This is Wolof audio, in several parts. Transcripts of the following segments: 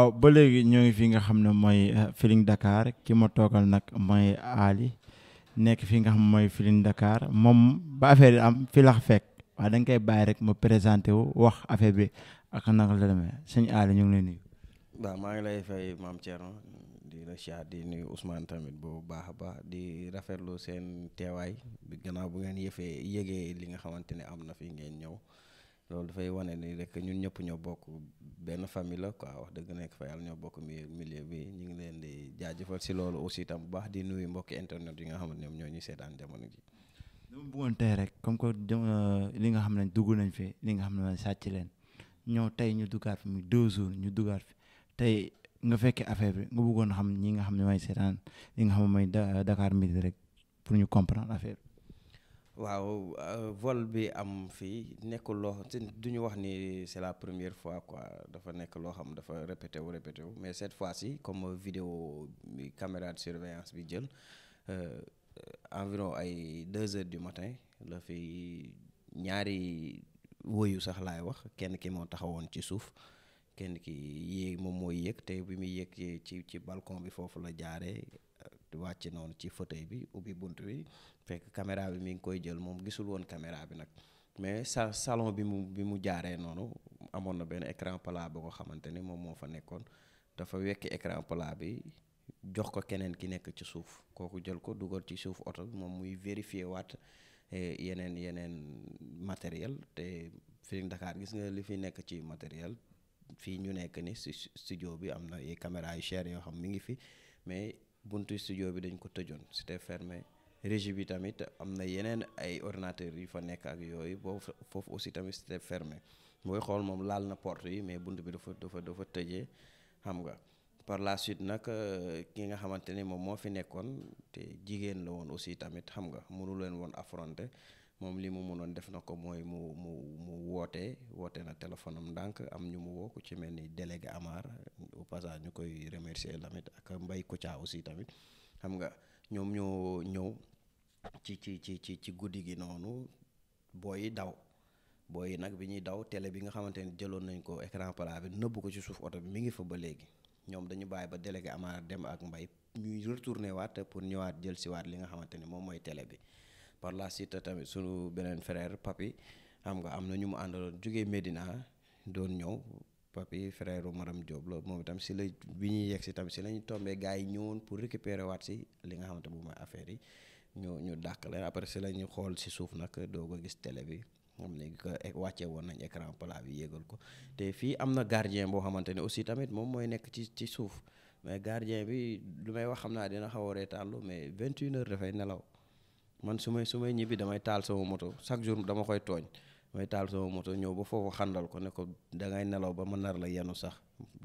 waaw ba léegi ñoo ngi fi nga xam ne mooy eh, Feeling Dakar ki ma toogal nag mooy Ali nekk fi nga xam mooy Feeling Dakar moom ba affaire yi am fi lax fekk waaye da koy bàyyi rek ma présenté wu wax affaire bi ak naka la demee sëñ Ali ñu ngi lay nuyu. waaw maa ngi lay fay maam Thierno di la siyaar di nuy Ousmane tamit bu baax a baax di rafetlu seen teewaay bi gannaaw bu ngeen yëfee yëgee li nga xamante ne am na fi ngeen ñëw. loolu dafay wane ni rek ñun ñëpp ñoo bokk benn famille la quoi wax dëgg nekk fa yàlla ñoo bokk milieu milieu bi ñu ngi leen di jaajëfal si loolu aussi tam bu baax di nuyu mbokki internet yi nga xam ne ñoom ñoo ñu seetaan jamono ji. dama bëggoon tey rek comme que euh, li nga xam ne dugg nañ fi li nga xam ne sàcc leen ñoo tey ñu duggaat fi muy deux jours ñu duggaat fi tey nga fekkee affaire bi nga bëggoon xam ñi nga xam ne may seetaan li nga xam ne may Dakar Midi rek pour ñu comprendre affaire waaw euh, vol bi am fii nekk loo xam du ñu wax ni c'est la première fois quoi dafa nekk loo xam dafa répété wu répété mais cette fois-ci comme vidéo bi caméra de surveillance bi jël euh, euh, environ ay deux heures du matin la fi ñaari woyu sax laay wax kenn ki moo taxawoon ci suuf kenn ki yéeg moom mooy yéeg te bi muy yéeg ci ci balcon bi foofu la jaaree. wàcc noonu ci fauteuil bi ubbi bunt bi fekk caméra bi mi ngi koy jël moom gisul woon caméra bi nag mais sa salon bi mu bi mu jaaree noonu amoon na benn écran plat boo ko xamante ni moom moo fa nekkoon dafa wekki écran plat bi jox ko keneen ki nekk ci suuf kooku jël ko dugal ci suuf oto bi moom muy vérifier waat eh, yeneen yeneen matériel te Feeling ndakaar gis nga li fi nekk ci matériel fii ñu nekk ni si si studio bi am na ay caméra yu cher yoo xam mi ngi fi mais buntu studio bi dañ ko tëjoon c'était fermé régie bi tamit am na yeneen ay ordinateurs yu fa nekk ak yooyu boobu foofu aussi tamit c'était fermé mooy xool moom laal na porte yi mais bunt bi dafa dafa dafa tëje xam nga par la suite nag euh, ki nga xamante ni moom moo fi nekkoon te jigéen la woon aussi tamit xam nga mënu leen woon affronter moom lii mu mënoon def na ko mooy mu mu mu woote woote na téléphone am ndànk am ñu mu woo ko ci mel ni délégué Amar au passage ñu koy remercier tamit ak Mbaye Koutia aussi tamit xam nga ñoom ñoo ñëw ci ci ci ci ci guddi gi noonu booy daw booy nag bi ñuy daw tele bi nga xamante ne jëloon nañ ko écran plat bi nëbb ko ci suuf oto bi mi ngi fa ba léegi ñoom dañu bàyyi ba délégué Amar dem ak Mbaye ñuy retourné waat pour ñëwaat jël si waat li nga xamante ni moom mooy télé bi. par la suite tamit suñu beneen frère papi xam nga am na ñu mu àndaloon jógee Medina doon ñëw papi frère Maram Diop la moom itam si la bi ñuy yegg si tamit si la ñu tombee gars yi ñëwoon pour récupérer waat si li nga xamante moom mooy affaire yi ñu ñu dàq leen après si la ñu xool si suuf nag doo ko gis télé bi moom léegi ko e, wàccee woon nañ écran plat bi yéegal ko te fii am na gardien boo xamante ne aussi tamit moom mooy nekk ci ci suuf mais gardien bi lu may wax xam naa dina xaw a reetaalu mais 21 dafay nelaw. man su may su may ñibbi damay taal sama moto chaque jour dama koy tooñ damay taal sama moto ñëw ba foofu xàndal ko ne ko dangay nelaw ba ma nar la yenu sax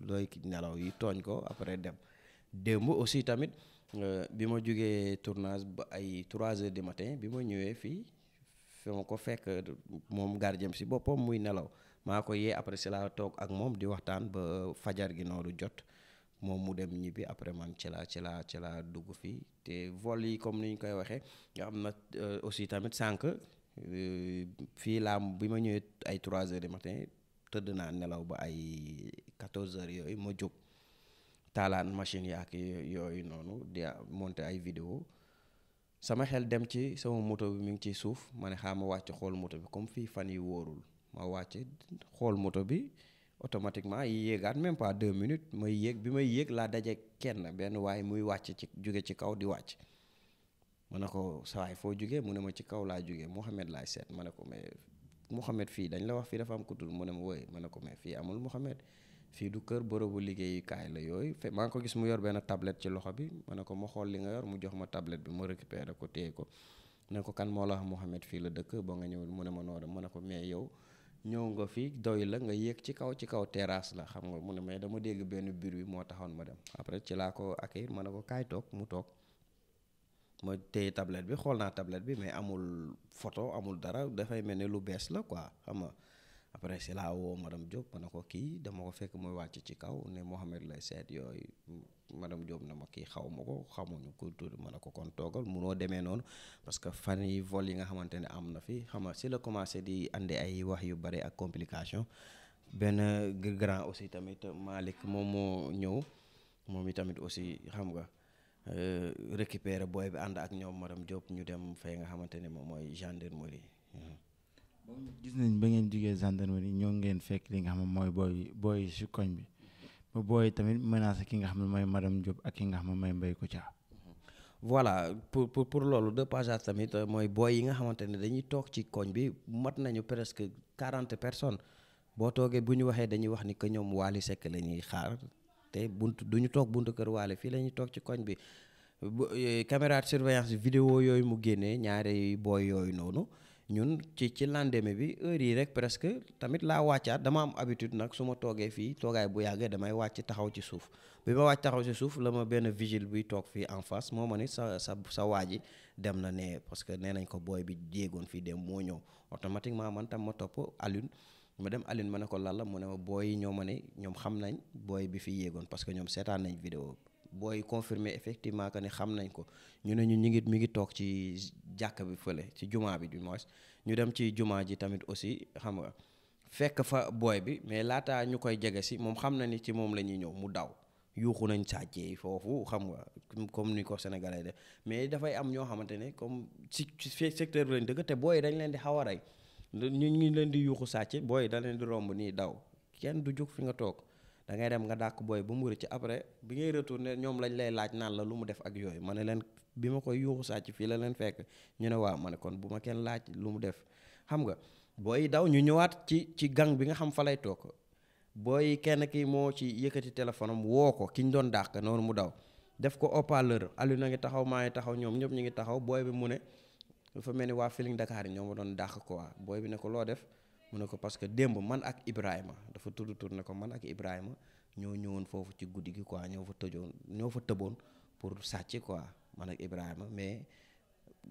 looy nelaw yi tooñ ko après dem démb aussi tamit euh, bi ma jógee tournage ba ay trois heures de matin bi ma ñëwee fii fi ma ko fekk moom gardien si boppam muy nelaw maa ko yee après si laa toog ak moom di waxtaan ba euh, fajar gi noonu jot moom mu dem ñibbi après man ci laa ci laa ci laa dugg fii te vol yi comme ni ñu koy waxee nga am na euh, aussi tamit sànq euh, fii laa bi ma ñëwee ay trois heures du matin tëdd naa ay 14 yooyu ma jóg taalaan machine yaak yooyu noonu di monter ay vidéo sama xel dem ci sama moto bi mu ngi ci suuf ma ne xaama wàcc xool moto bi comme fii fan yi wóorul ma wàcce xool moto bi automatiquement yéegaat même pas deux minutes may yéeg bi may yéeg laa daje kenn benn waaye muy wàcc ci jóge ci kaw di wàcc ma ne ko sa foo jógee mu ne ma ci kaw laa jógee Mouhamed laay seet ma ne ko mais Mouhamed fii dañ la wax fii dafa am ku mu ne ma wooy ma ne ko mais fii amul Mouhamed fii du kër bërëbu liggéeyukaay la yooyu fe maa ngi ko gis mu yor benn tablette ci loxo bi ma ne ko ma xool li nga yor mu jox ma tablette bi ma récupéré ko téye ko ne ko kan moo la wax Mouhamed fii la dëkk ba nga ñëw mu ne ma noonu ma ne ko mais yow ñëw nga fi doy la nga yéeg ci kaw ci kaw terrasse la xam nga mu ne mais dama dégg benn bruit moo taxoon ma dem après ci laa ko accueillir ma ne ko kaay toog mu toog ma téye tablette bi xool naa tablette bi mais amul photo amul dara dafay mel ni lu bees la quoi xam nga après si laa woo madame Diop ma ne ko kii dama ko fekk muy wàcc ci kaw ne Mohamed lay seet yooyu madame Diop na ma kii xaw ma ko xamuñu ko tudd ma ne ko kon toogal munoo demee noonu parce que fan yi vol yi nga xamante ne am na fi xam nga si la commencé di andi ay wax yu bare ak complication benn grand aussi tamit Malick moom moo ñëw moom i tamit aussi xam nga euh, récupérer booy bi ànd ak ñoom maram Diop ñu dem fay nga xamante ne moom mooy gendarmerie. Hmm. moom gis nañ ba ngeen jugee gendarmerie ñoo ngeen fekk li nga xam mooy booy booy si bi ba tamit menacé ki nga xam ne mooy madame Diop ak ki nga xam ne mooy Mbaye Kouthia voilà pour pour pour loolu de passage tamit euh, mooy booy yi nga xamante ne dañuy toog ci koñ bi mat nañu presque quarante personnes boo toogee bu ñu waxee dañuy wax ni que ñoom Wally Seck la ñuy xaar te bunt du ñu toog buntu kër Wally fii lañuy toog ci koñ bi euh, caméra de surveillance vidéo yooyu mu génnee ñaari booy yooyu noonu. ñun ci ci lendemain bi heure yi rek presque tamit laa wàccaat dama am habitude nag su ma toogee fii toogaay bu yàggee damay wàcc taxaw ci suuf bi ma wàcc taxaw ci suuf la ma benn vigile buy toog fii en face moo ma ni sa sa sa waa ji dem na ne parce que nee nañ ko booy bi jéegoon fii dem moo ñëw automatiquement man tam ma topp Alioune ma dem Alioune ma ne ko lan la mu ne ma booy yi ñoo ma ne ñoom xam nañ booy bi fi yéegoon parce que ñoom seetaan nañ vidéo booy confirmer effectivement que ne xam nañ ko ñu ne ñu ñu ngi mi ngi toog ci jàkk bi fële ci jumaa bi du ñu dem ci jumaa ji tamit aussi xam nga fekk fa booy bi mais laataa ñu koy jege si moom xam na ni ci moom la ñuy ñëw mu daw yuuxu nañ sàccee foofu xam nga comme ni ko sénégalais def mais dafay am ñoo xamante ne comme ci secteur bi lañ dëgg te booy dañu leen di xaw a rey ñu ngi leen di yuuxu sàcce booy dañ leen di romb nii daw kenn du jóg fi nga toog da ngay dem nga dàq booy ba mu ci après bi ngay retourné ñoom lañ lay laaj naan la lu mu def ak yooyu ma ne leen bi ma koy yuuxu sàcc fii la leen fekk ñu ne waaw ma ne kon bu ma kenn laaj lu mu def xam nga booy daw ñu ñëwaat ci ci gang bi nga xam fa lay toog booy kenn kii moo ci yëkkati téléphone am woo ko ki ñu doon dàq noonu mu daw def ko haut-parleur na ngi taxaw maa ngi taxaw ñoom ñëpp ñu ngi taxaw booy bi mu ne fa mel ni waa Feeling Dakar yi ñoo ma doon dàq quoi booy bi ne ko loo def mu ne ko parce que démb man ak Ibrahima dafa tudd tur ne ko man ak Ibrahima ñoo ñëwoon foofu ci guddi gi quoi ñoo fa tëjoon ñoo fa tëboon pour sàcc quoi man ak Ibrahima mais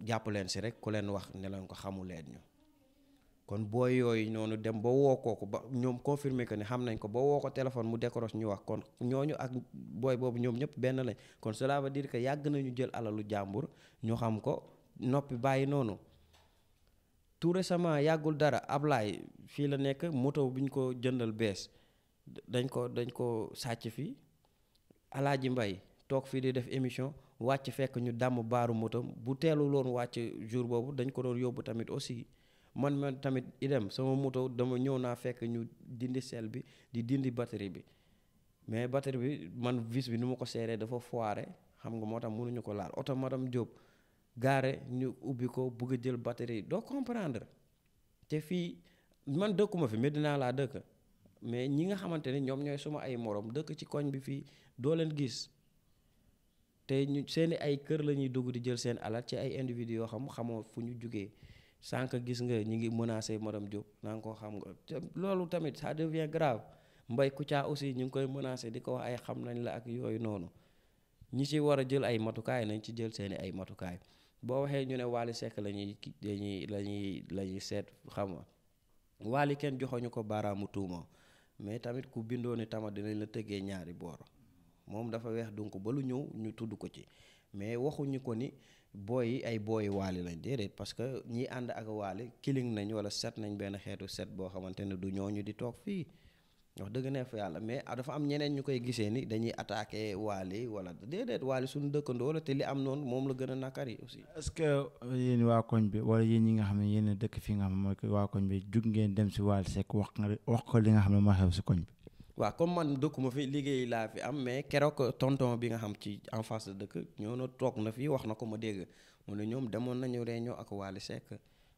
jàpp leen si rek ku leen wax ne leen ko xamu leen ñu. kon booy yooyu noonu dem ba woo kooku ba ñoom confirmer que ni xam nañ ko ba woo ko téléphone mu décroche ñu wax kon ñooñu ak booy boobu ñoom ñëpp benn lañ kon cela veut dire que yàgg nañu jël alalu jàmbur ñu xam ko noppi bàyyi noonu. tout récemment yàggul dara Ablaye fii la nekk moto bi ñu ko jëndal bees dañ ko dañ ko sàcc fii Alaaji Mbay toog fii di def émission wàcc fekk ñu dàmm baaru moto bu teelu loon wàcc jour boobu dañ ko doon yóbbu tamit aussi man man tamit idem sama moto dama ñëw naa fekk ñu dindi sel bi di dindi batterie bi mais batterie bi man vis bi nu ma ko seeree dafa foire xam nga moo tax mënuñu ko laal oto madame Diop gaare ñu ubbi ko bëgg a jël batterie doo comprendre te fii man dëkkuma fi Medina laa dëkk mais ñi nga xamante ne ñoom ñooy suma ay morom dëkk ci koñ bi fii doo leen gis te ñu seeni ay kër lañuy dugg di jël seen alal ci ay individus yoo xam xamoo fu ñu jógee sànq gis nga ñi ngi menacé madame jóg naa ko xam nga loolu tamit ça devient grave Mbaye Kouthia aussi ñu ngi koy menacé di ko wax ay xam nañ la ak yooyu noonu ñi si war a jël ay matukaay nañ ci jël seeni ay matukaay boo waxee ñu ne Wally Seck la ñuy dañuy la ñuy la ñuy seet xam nga Wally kenn joxoñu ko baaraamu tuuma mais tamit ku bindoo ni tama dinañ la tëggee ñaari boor moom dafa weex donc ba lu ñëw ñu tudd ko ci mais waxuñu ko ni booy yi ay booyi Wally lañ déedéet parce que ñi ànd ak Wally kiling nañ wala set nañ benn xeetu set boo xamante ne du ñoo ñu di toog fii wax dëgg neex fa yàlla mais dafa am ñeneen ñu koy gisee ni dañuy attaqué Wally wala déedéet Wally suñu dëkkandoo la te li am noonu moom la gën a nakar aussi. est-ce que yéen waa koñ bi wala yéen ñi nga xam ne yéen a dëkk fi nga xam ne waa koñ bi jug ngeen dem si Wally wax nga wax ko li nga xam ne moo xew si koñ bi. waa comme man dëkkuma fi liggéey laa fi am mais keroog tonton bi nga xam ci en face de dëkk ñoo na toog na fi wax na ko ma dégg mu ne ñoom demoon nañu réunion ak Wally Seck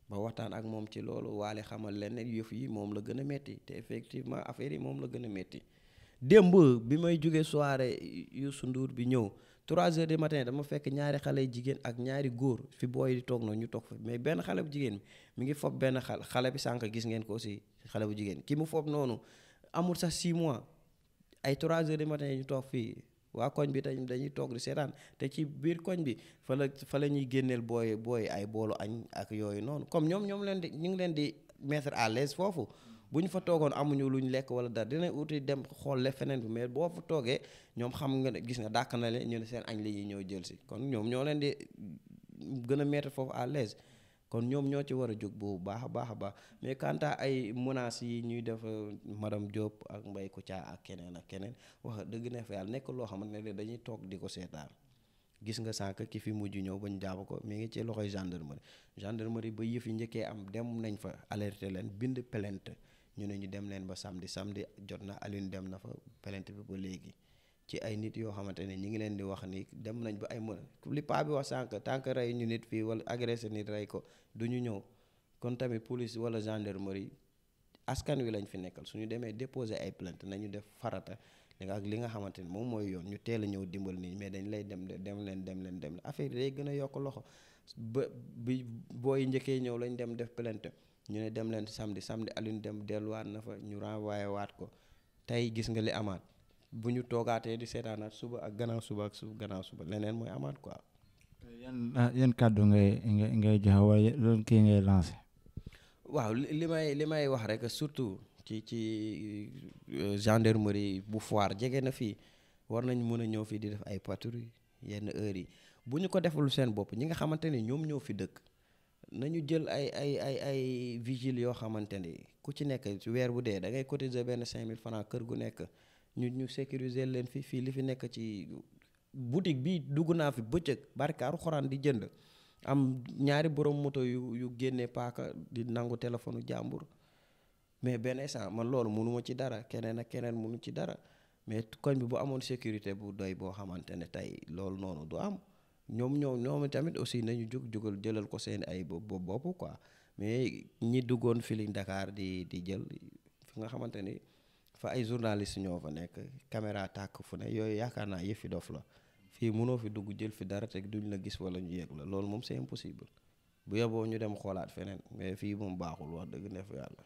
ba waxtaan ak moom ci loolu waale xamal leen ne yëf yi moom la gën a métti te effectivement affaire yi moom la gën a métti démb bi may jógee soirée Youssou Ndour bi ñëw 3 heures du matin dama fekk ñaari xale yi jigéen ak ñaari góor fi booy di toog noonu ñu toog fa mais benn xale bu jigéen mi ngi fob benn xale xale bi sànq gis ngeen ko aussi xale bu jigéen ki mu fob noonu amul sax si mois ay 3 heures du matin ñu toog fii waa koñ bi tamit dañuy toog di seetaan te ci biir koñ bi fa la fa la ñuy génneel booy booy ay boolu añ ak yooyu noonu comme ñoom ñoom leen di ñu ngi leen di mettre à l'aise foofu bu ñu fa toogoon amuñu lu ñu lekk wala dara dina uti dem xool le feneen bi mais boo fa toogee ñoom xam nga gis nga dàkk na le ñu ne seen añ li ñuy ñëw jël si kon ñoom ñoo leen di gën a mettre foofu à l'aise kon ñoom ñoo ci war a jóg boobu baax a baax a baax mais quant ay menaces yi ñuy def euh, madame Diop ak Mbaye caa ak keneen ak keneen wax dëgg ne fa yàlla nekk loo xamante ne dañuy toog di ko seetaan gis nga sànq ki fi mujj ñëw ba ñu jàpp ko mi ngi ci loxoy gendarmerie gendarmerie ba yëf yi njëkkee am dem nañ fa alerter leen bind plainte ñu ne ñu dem leen ba samedi samedi jot na alin dem na fa plainte bi ba léegi. ci ay nit yoo xamante ne ñi ngi leen di wax ni dem nañ ba ay mën li paa bi wax sànq tant que rey ñu nit fii wala agressé nit rey ko du ñu ñëw kon tamit police wala gendarmerie askan wi lañ fi nekkal su ñu demee déposer ay plainte nañu def farata li nga ak li nga xamante ni moom mooy yoon ñu teel a ñëw dimbal nii mais dañ lay dem dem leen dem leen dem affaire yi day gën a yokk loxo ba bi booy njëkkee ñëw lañ dem def plainte ñu ne dem leen samedi samedi alinu dem delluwaat na fa ñu renvoyé waat ko tey gis nga li amaat bu ñu toogaatee di seetaanaat suba ak gannaaw suba ak suba gannaaw suba leneen mooy amaat quoi. yan ah, yan kàddu ngay ngay ngay joxe waaye loolu kii ngay lancé. waaw li may li may wax rek surtout ci ci euh, gendarmerie bu foire jege na fii war nañ mën a ñëw fii di def ay patrouille yenn heures yi bu ñu ko deful seen bopp ñi nga xamante ni ñoom ñëw fi dëkk nañu jël ay ay ay ay vigile yoo xamante ni ku ci nekk weer bu dee da ngay cotiser benn mille francs kër gu nekk. ñu ñu sécuriser leen fi fii li fi nekk ci boutique bi dugg naa fi bëccëg barkaaru xoraan di jënd am ñaari borom moto yu yu génnee paaka di nangu téléphone jàmbur mais benn instant ma loolu munuma ci dara keneen ak keneen munu ci dara mais koñ bi bu amoon sécurité bu doy boo xamante ne tey loolu noonu du am ñoom ñoo ñoom tamit aussi nañu jug jugal jëlal ko seen ay bopp bopp quoi mais ñi duggoon Feeling Dakar di di jël fi nga xamante ni. fa ay journaliste ñoo fa nekk caméra tàkk fu ne yooyu yaakaar naa yëfi dof la fii munoo fi dugg jël fi dara te duñ la gis wala ñu yëg la loolu moom c'est impossible bu yeboo ñu dem xoolaat feneen mais fii moom baaxul wax dëgg neef yàlla